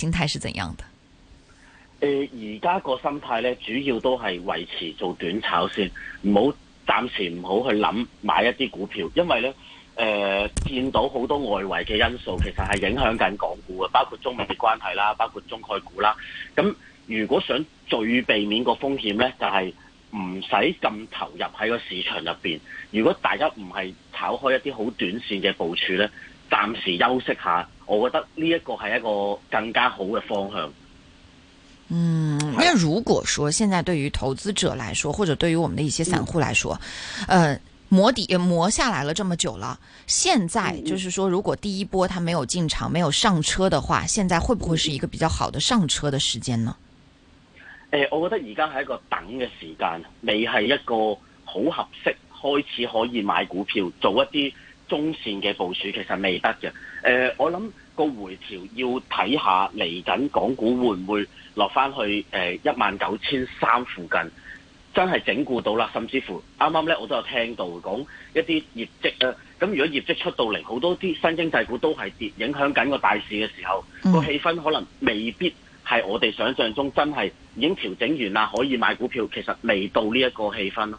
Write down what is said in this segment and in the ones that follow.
心態是怎樣的？誒、呃，而家個心態咧，主要都係維持做短炒先，唔好暫時唔好去諗買一啲股票，因為咧，誒、呃，見到好多外圍嘅因素，其實係影響緊港股嘅，包括中美嘅關係啦，包括中概股啦。咁如果想最避免個風險咧，就係唔使咁投入喺個市場入邊。如果大家唔係炒開一啲好短線嘅部署咧，暫時休息下。我覺得呢一個係一個更加好嘅方向。嗯，因為如果說現在對於投資者來說，或者對於我們的一些散戶來說，嗯、呃，磨底磨下來了這麼久了，現在就是說，如果第一波他沒有進場、沒有上車的話，現在會不會是一個比較好的上車的時間呢？嗯嗯，我覺得而家係一個等嘅時間，未係一個好合適開始可以買股票做一啲。中線嘅部署其實未得嘅，誒、呃，我諗個回調要睇下嚟緊港股會唔會落翻去誒一萬九千三附近，真係整固到啦。甚至乎啱啱咧，我都有聽到講一啲業績啊。咁、呃、如果業績出到嚟，好多啲新經濟股都係跌，影響緊個大市嘅時候，個、嗯、氣氛可能未必係我哋想象中真係已經調整完啦，可以買股票。其實未到呢一個氣氛咯。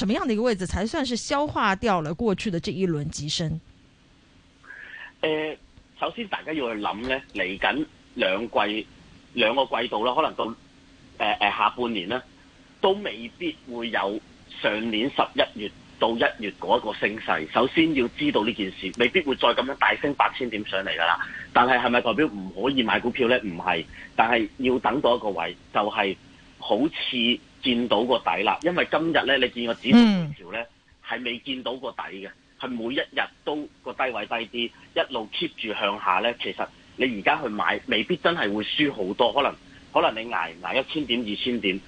什麼樣的一個位置才算是消化掉了過去的這一輪急升？呃，首先大家要去諗呢，嚟緊兩季兩個季度啦，可能到，呃，下半年呢，都未必會有上年十一月到一月嗰一個升勢。首先要知道呢件事，未必會再咁樣大升八千點上嚟噶啦。但係係咪代表唔可以買股票呢？唔係，但係要等到一個位，就係，是。好似見到個底啦，因為今日咧，你見個指數盤條咧，係未見到個底嘅，係每一日都個低位低啲，一路 keep 住向下咧。其實你而家去買，未必真係會輸好多，可能可能你挨唔挨一千點二千點，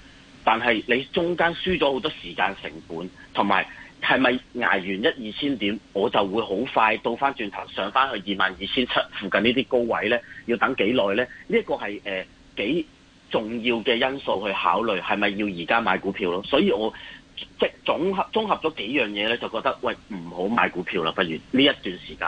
但係你中間輸咗好多時間成本，同埋係咪挨完一二千點，我就會好快到翻轉頭上翻去二萬二千七附近呢啲高位咧？要等幾耐咧？呢、這、一個係幾幾？呃重要嘅因素去考慮，係咪要而家買股票咯？所以我即係綜合綜合咗幾樣嘢咧，就覺得喂，唔好買股票啦，不如呢一段時間。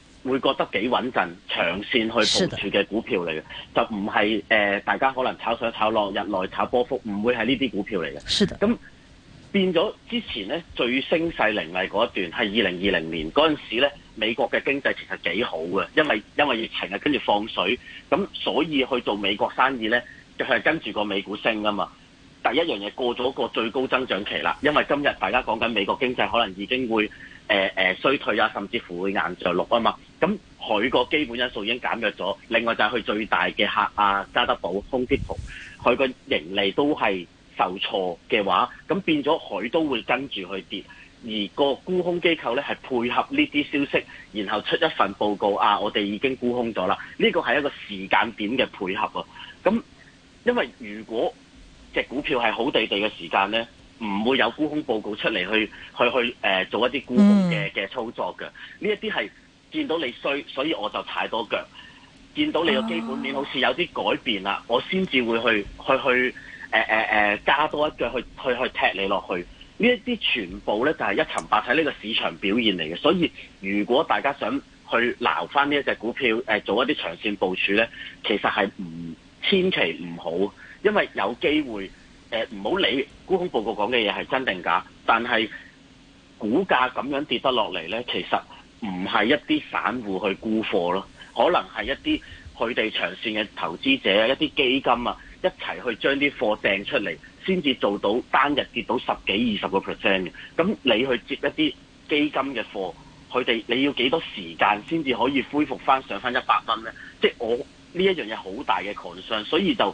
會覺得幾穩陣，長線去部署嘅股票嚟嘅，是的就唔係誒大家可能炒上炒落，日內炒波幅，唔會係呢啲股票嚟嘅。咁變咗之前呢最升勢凌厲嗰一段係二零二零年嗰陣時呢，美國嘅經濟其實幾好嘅，因為因為疫情啊跟住放水，咁所以去做美國生意呢，就係、是、跟住個美股升啊嘛。第一樣嘢過咗個最高增長期啦，因為今日大家講緊美國經濟可能已經會，誒、呃、誒，衰退啊，甚至乎會硬着陸啊嘛，咁佢個基本因素已經減弱咗。另外就係佢最大嘅客啊，加德堡、空擊途，佢個盈利都係受挫嘅話，咁變咗佢都會跟住去跌。而個沽空機構咧係配合呢啲消息，然後出一份報告啊，我哋已經沽空咗啦。呢、這個係一個時間點嘅配合啊。咁因為如果隻股票係好地地嘅時間咧。唔會有沽空報告出嚟去去去誒、呃、做一啲沽空嘅嘅操作嘅，呢一啲係見到你衰，所以我就踩多腳；見到你個基本面好似有啲改變啦，我先至會去去去誒誒誒加多一腳去去去踢你落去。呢一啲全部咧就係、是、一層白體呢個市場表現嚟嘅，所以如果大家想去撈返呢一隻股票誒、呃、做一啲長線部署咧，其實係唔千祈唔好，因為有機會。誒唔好理沽空報告講嘅嘢係真定假，但係股價咁樣跌得落嚟呢，其實唔係一啲散戶去沽貨咯，可能係一啲佢哋長線嘅投資者啊，一啲基金啊，一齊去將啲貨掟出嚟，先至做到單日跌到十幾二十個 percent 嘅。咁你去接一啲基金嘅貨，佢哋你要幾多時間先至可以恢復翻上翻一百蚊呢？即係我呢一樣嘢好大嘅 concern，所以就。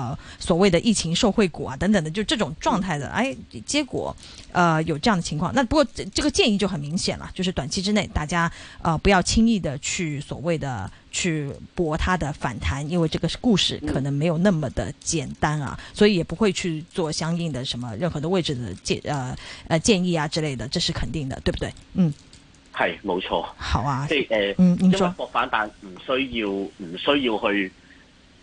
呃，所謂的疫情受惠股啊，等等的，就這種狀態的，哎，結果呃有這樣的情況。那不過這個建議就很明顯了，就是短期之內大家呃不要輕易的去所謂的去博它的反彈，因為這個故事可能沒有那麼的簡單啊，嗯、所以也不會去做相應的什麼任何的位置的建呃呃建議啊之類的，這是肯定的，對不對？嗯，係冇錯，好啊，即係誒，因為博反彈唔需要唔需要去。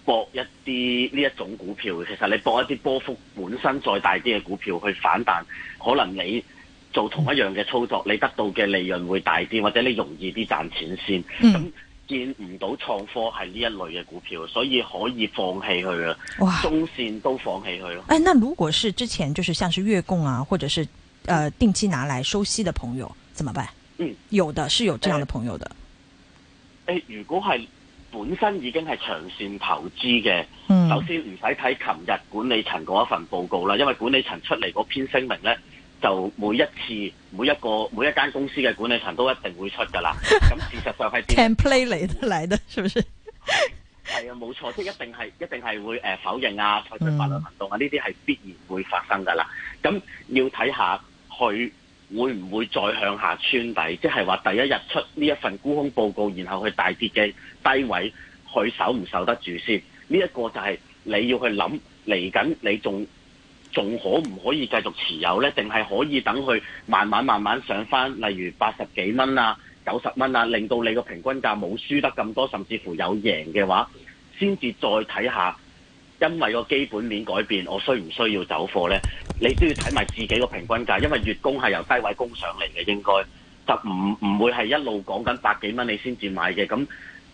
搏一啲呢一種股票，其實你搏一啲波幅本身再大啲嘅股票去反彈，可能你做同一樣嘅操作，你得到嘅利潤會大啲，或者你容易啲賺錢先。咁、嗯、見唔到創科係呢一類嘅股票，所以可以放棄佢啦。哇，中線都放棄佢咯。哎，那如果是之前就是像是月供啊，或者是誒、呃、定期拿來收息的朋友怎麼辦？嗯，有的是有這樣的朋友的。誒、哎哎，如果係。本身已經係長線投資嘅、嗯，首先唔使睇琴日管理層嗰一份報告啦，因為管理層出嚟嗰篇聲明咧，就每一次、每一個、每一間公司嘅管理層都一定會出噶啦。咁 事實上係，template 嚟得嚟得，係咪？ 係啊，冇錯，即係一定係一定係會誒否認啊，採取法律行動啊，呢啲係必然會發生噶啦。咁要睇下佢。會唔會再向下穿底？即係話第一日出呢一份沽空報告，然後去大跌嘅低位，佢守唔守得住先？呢一個就係你要去諗，嚟緊你仲仲可唔可以繼續持有呢？定係可以等佢慢慢慢慢上翻，例如八十幾蚊啊、九十蚊啊，令到你個平均價冇輸得咁多，甚至乎有贏嘅話，先至再睇下。因為個基本面改變，我需唔需要走貨呢？你都要睇埋自己個平均價，因為月供係由低位供上嚟嘅，應該就唔唔會係一路講緊百幾蚊你先至買嘅。咁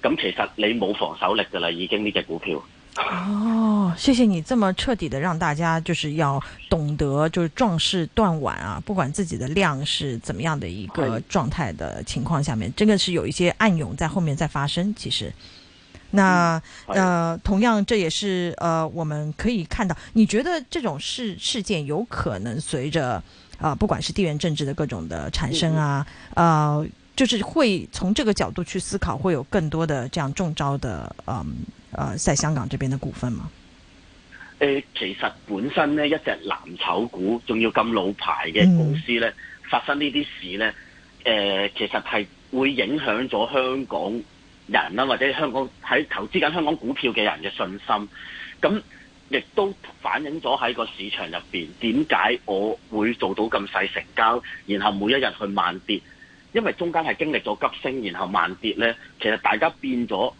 咁其實你冇防守力㗎喇，已經呢隻股票。哦，謝謝你這麼徹底的讓大家就是要懂得就是壯士斷腕啊！不管自己的量是怎麼樣的一個狀態的情況下面，真的是有一些暗湧在後面在發生，其實。那、嗯、呃，同樣這也是呃，我們可以看到，你覺得這種事事件有可能隨着啊、呃，不管是地緣政治的各種的產生啊，啊、呃，就是會從這個角度去思考，會有更多的這樣中招的，嗯、呃，呃，在香港這邊的股份嗎？誒、呃，其實本身呢，一隻藍籌股，仲要咁老牌嘅公司呢，嗯、發生呢啲事呢，誒、呃，其實係會影響咗香港。人啦、啊，或者香港喺投資緊香港股票嘅人嘅信心，咁亦都反映咗喺個市場入邊點解我會做到咁細成交，然後每一日去慢跌，因為中間係經歷咗急升，然後慢跌咧，其實大家變咗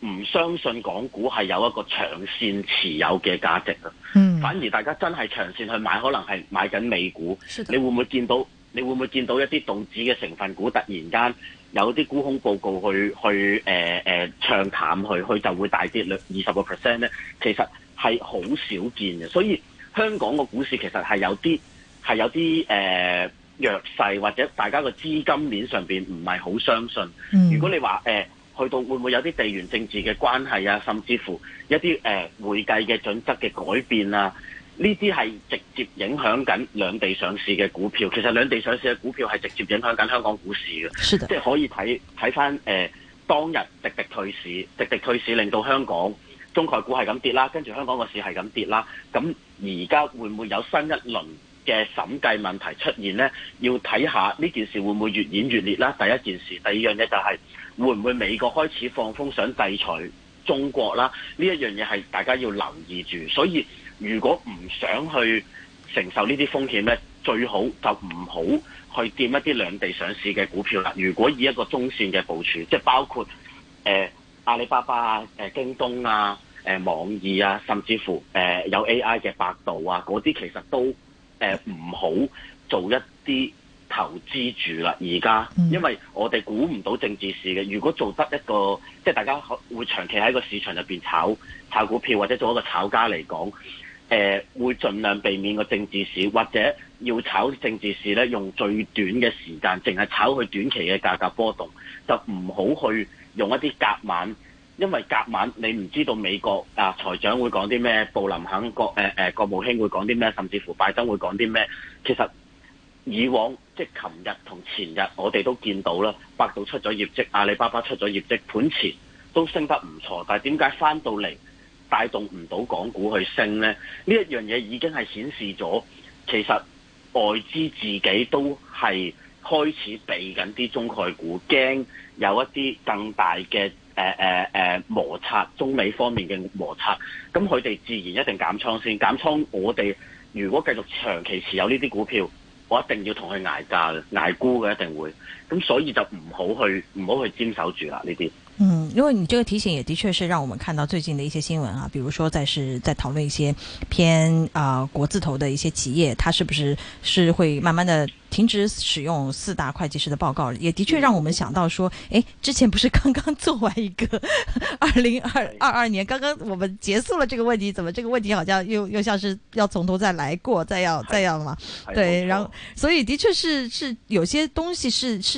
唔相信港股係有一個長線持有嘅價值啊、嗯！反而大家真係長線去買，可能係買緊美股，你會唔會見到？你會唔會見到一啲動資嘅成分股突然間？有啲沽空報告去去誒誒唱淡佢，佢就會大跌兩二十個 percent 咧，其實係好少見嘅，所以香港個股市其實係有啲係有啲誒、呃、弱勢，或者大家個資金面上面唔係好相信。如果你話、呃、去到會唔會有啲地緣政治嘅關係啊，甚至乎一啲誒、呃、會計嘅準則嘅改變啊？呢啲係直接影響緊兩地上市嘅股票，其實兩地上市嘅股票係直接影響緊香港股市嘅，即係可以睇睇翻誒當日滴滴退市，滴滴退市令到香港中概股係咁跌啦，跟住香港個市係咁跌啦。咁而家會唔會有新一輪嘅審計問題出現呢？要睇下呢件事會唔會越演越烈啦。第一件事，第二樣嘢就係會唔會美國開始放風想制裁中國啦？呢一樣嘢係大家要留意住，所以。如果唔想去承受呢啲風險咧，最好就唔好去掂一啲兩地上市嘅股票啦。如果以一個中線嘅部署，即係包括誒、呃、阿里巴巴啊、誒、呃、京東啊、誒、呃、網易啊，甚至乎誒、呃、有 AI 嘅百度啊嗰啲，其實都誒唔、呃、好做一啲投資住啦。而家因為我哋估唔到政治市嘅，如果做得一個即係大家會長期喺個市場入邊炒炒股票，或者做一個炒家嚟講。誒、呃、會盡量避免個政治市，或者要炒政治市咧，用最短嘅時間，淨係炒佢短期嘅價格波動，就唔好去用一啲夾晚，因為夾晚你唔知道美國啊財長會講啲咩，布林肯國誒誒、呃、國務卿會講啲咩，甚至乎拜登會講啲咩。其實以往即係琴日同前日，我哋都見到啦，百度出咗業績，阿里巴巴出咗業績，盤前都升得唔錯，但係點解翻到嚟，帶動唔到港股去升呢，呢一樣嘢已經係顯示咗，其實外資自己都係開始避緊啲中概股，驚有一啲更大嘅誒誒誒摩擦，中美方面嘅摩擦，咁佢哋自然一定減倉先。減倉，我哋如果繼續長期持有呢啲股票，我一定要同佢挨價嘅，挨沽嘅一定會。咁所以就唔好去唔好去堅守住啦呢啲。嗯，因為你這個提醒也的確是讓我們看到最近的一些新聞啊，比如說在是在討論一些偏啊、呃、國字頭的一些企業，它是不是是會慢慢的停止使用四大會計師的報告，也的確讓我們想到說，誒、欸，之前不是剛剛做完一個二零二二二年，剛剛我們結束了這個問題，怎麼這個問題好像又又像是要從頭再來過，再要再要嘛？對，然後所以的確是是有些東西是是。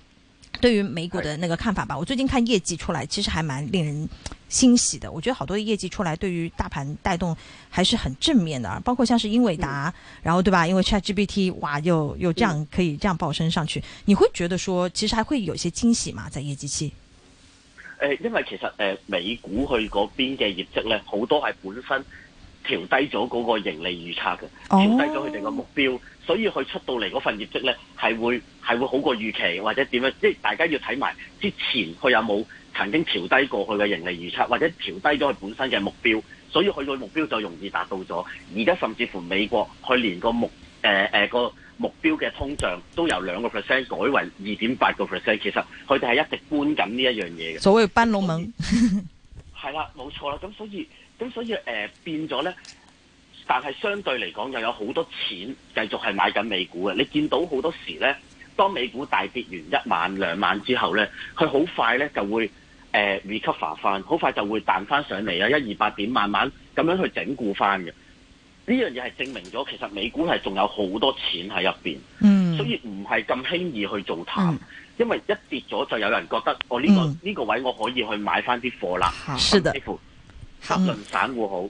對於美股的那個看法吧，我最近看業績出來，其實還蠻令人欣喜的。我覺得好多業績出來，對於大盤帶動還是很正面的。包括像是英偉達，嗯、然後對吧？因為 ChatGPT，哇，又又這樣可以這樣爆升上去，嗯。你會覺得說，其實還會有些驚喜嘛？在業績期。因為其實誒，美股佢嗰邊嘅業績呢，好多係本身調低咗嗰個盈利預測嘅，哦，調低咗佢哋個目標。所以佢出到嚟嗰份業績呢，係會係會好過預期，或者點樣？即係大家要睇埋之前佢有冇曾經調低過佢嘅盈利預測，或者調低咗佢本身嘅目標，所以佢個目標就容易達到咗。而家甚至乎美國，佢連個目誒誒個目標嘅通脹都由兩個 percent 改為二點八個 percent。其實佢哋係一直搬緊呢一樣嘢嘅。所謂搬龍門係啦，冇錯啦。咁所以咁所以誒、呃、變咗呢。但係相對嚟講又有好多錢繼續係買緊美股嘅，你見到好多時呢，當美股大跌完一晚兩晚之後呢，佢好快呢就會誒 recover 翻，好、呃、快就會彈翻上嚟啊，一二八點慢慢咁樣去整固翻嘅。呢樣嘢係證明咗，其實美股係仲有好多錢喺入邊、嗯，所以唔係咁輕易去做淡、嗯，因為一跌咗就有人覺得我呢、哦呢個呢、嗯呢個位我可以去買翻啲貨啦。是的，不論散戶好。嗯